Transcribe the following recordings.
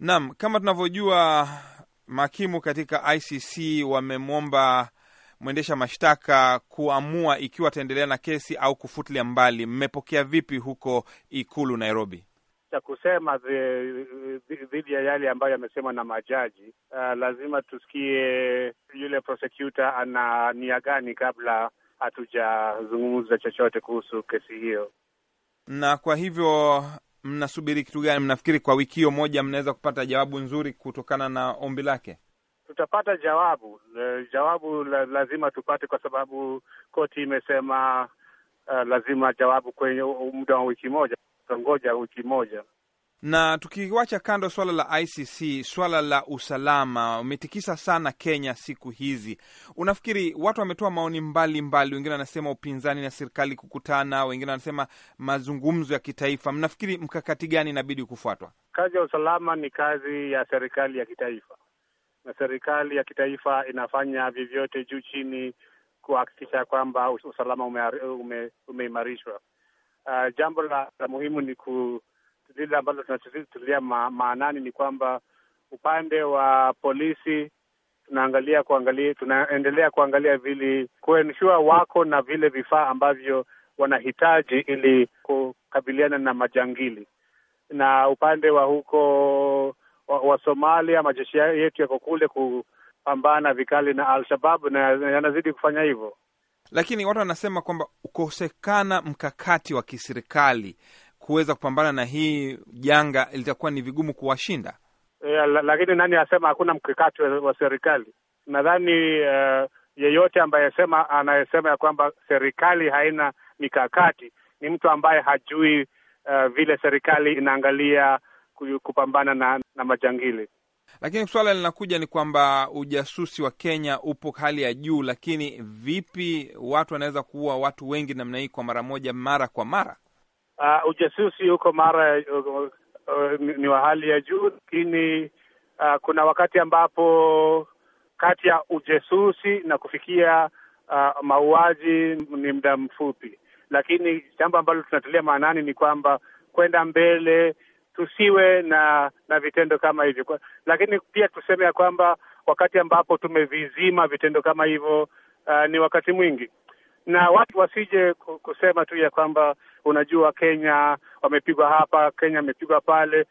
Naam, kama tunavyojua mahakimu katika ICC wamemwomba mwendesha mashtaka kuamua ikiwa ataendelea na kesi au kufutilia mbali. Mmepokea vipi huko Ikulu Nairobi? cha kusema dhidi ya yale ambayo yamesemwa na majaji. Uh, lazima tusikie yule prosecutor ana nia gani kabla hatujazungumza chochote kuhusu kesi hiyo. Na kwa hivyo mnasubiri kitu gani? Mnafikiri kwa wiki hiyo moja mnaweza kupata jawabu nzuri kutokana na ombi lake? Tutapata jawabu e, jawabu la, lazima tupate, kwa sababu koti imesema uh, lazima jawabu kwenye muda wa wiki moja. Tutangoja wiki moja. Na tukiwacha kando swala la ICC, swala la usalama umetikisa sana Kenya siku hizi. Unafikiri watu wametoa maoni mbalimbali, wengine wanasema upinzani na serikali kukutana, wengine wanasema mazungumzo ya kitaifa. Mnafikiri mkakati gani inabidi kufuatwa? Kazi ya usalama ni kazi ya serikali ya kitaifa, na serikali ya kitaifa inafanya vyovyote juu chini kuhakikisha kwamba usalama umeimarishwa. Ume, ume uh, ah, jambo la, la muhimu ni ku lile ambalo tunachotutilia ma, maanani ni kwamba upande wa polisi tunaangalia kuangalia, tunaendelea kuangalia vile kuensure wako na vile vifaa ambavyo wanahitaji ili kukabiliana na majangili. Na upande wa huko wa, wa Somalia, majeshi yetu yako kule kupambana vikali na Al-Shababu na yanazidi kufanya hivyo, lakini watu wanasema kwamba kukosekana mkakati wa kiserikali kuweza kupambana na hii janga litakuwa ni vigumu kuwashinda. Yeah, lakini nani asema hakuna mkakati wa serikali? Nadhani uh, yeyote ambaye sema anayesema ya kwamba serikali haina mikakati ni mtu ambaye hajui uh, vile serikali inaangalia kupambana na, na majangili. Lakini suala linakuja ni kwamba ujasusi wa Kenya upo hali ya juu, lakini vipi watu wanaweza kuua watu wengi namna hii kwa mara moja, mara kwa mara? uh, ujasusi huko mara uh, uh, ni wa hali ya juu, lakini uh, kuna wakati ambapo kati ya ujasusi na kufikia uh, mauaji ni muda mfupi, lakini jambo ambalo tunatilia maanani ni kwamba kwenda mbele tusiwe na na vitendo kama hivyo, lakini pia tuseme ya kwamba wakati ambapo tumevizima vitendo kama hivyo uh, ni wakati mwingi, na watu wasije kusema tu ya kwamba Unajua, Kenya wamepigwa hapa, Kenya amepigwa pale,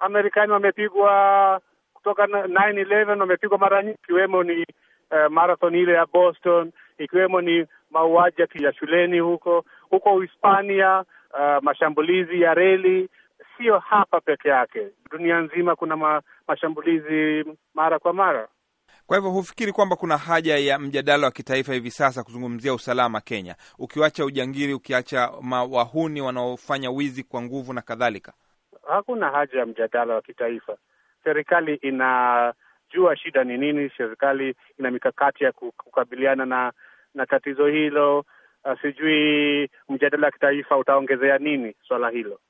Amerikani wamepigwa kutoka 911 wamepigwa mara nyingi, ikiwemo ni uh, marathon ile ya Boston, ikiwemo ni mauaji ya shuleni huko huko Uhispania, uh, eh, mashambulizi ya reli. Sio hapa peke yake, dunia nzima kuna ma, mashambulizi mara kwa mara. Kwa hivyo hufikiri kwamba kuna haja ya mjadala wa kitaifa hivi sasa kuzungumzia usalama Kenya, ukiwacha ujangiri, ukiacha wahuni wanaofanya wizi kwa nguvu na kadhalika? Hakuna haja ya mjadala wa kitaifa. Serikali inajua shida ni nini, serikali ina mikakati ya kukabiliana na na tatizo hilo. Ah, sijui mjadala wa kitaifa utaongezea nini swala hilo.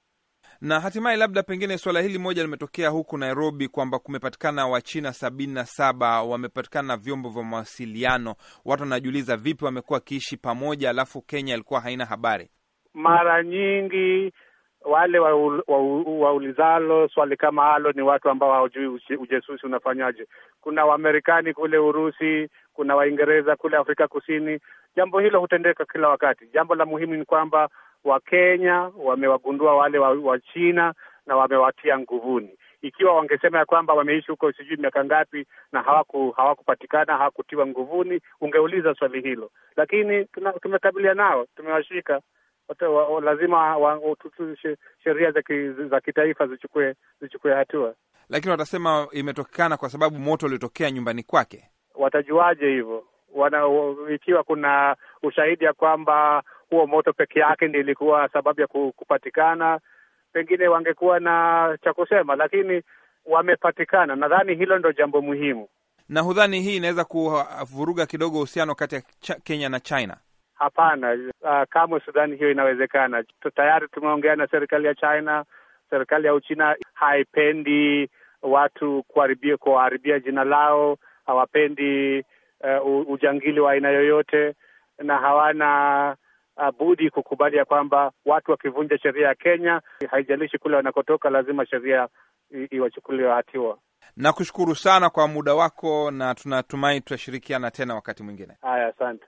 Na hatimaye labda pengine suala hili moja limetokea huku Nairobi kwamba kumepatikana Wachina sabini na saba wamepatikana na vyombo vya mawasiliano. Watu wanajiuliza vipi wamekuwa wakiishi pamoja, alafu Kenya ilikuwa haina habari. Mara nyingi wale waulizalo wa, wa swali kama halo ni watu ambao hawajui ujesusi unafanyaje. Kuna Waamerikani kule Urusi, kuna Waingereza kule Afrika Kusini. Jambo hilo hutendeka kila wakati. Jambo la muhimu ni kwamba Wakenya wamewagundua wale wa, wa China na wamewatia nguvuni. Ikiwa wangesema ya kwamba wameishi huko sijui miaka ngapi na hawaku, hawakupatikana hawakutiwa nguvuni, ungeuliza swali hilo, lakini tumekabiliana nao, tumewashika. Lazima sheria za kitaifa zichukue zichukue hatua. Lakini watasema imetokana kwa sababu moto ulitokea nyumbani kwake. Watajuaje hivyo? Wana, ikiwa kuna ushahidi ya kwamba huo moto peke yake ndi ilikuwa sababu ya kupatikana, pengine wangekuwa na cha kusema, lakini wamepatikana. Nadhani hilo ndo jambo muhimu, na hudhani hii inaweza kuvuruga kidogo uhusiano kati ya Kenya na China. Hapana, uh, kamwe Sudani hiyo inawezekana. Tayari tumeongea na serikali ya China. Serikali ya Uchina haipendi watu kuharibia kuharibia jina lao, hawapendi uh, ujangili wa aina yoyote, na hawana Uh, budi kukubali ya kwamba watu wakivunja sheria ya Kenya, haijalishi kule wanakotoka, lazima sheria iwachukuliwe hatua. Nakushukuru sana kwa muda wako, na tunatumai tutashirikiana tena wakati mwingine. Haya, asante.